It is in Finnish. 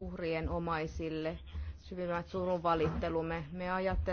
uhrien omaisille syvimmät surunvalittelumme. Me ajattelemme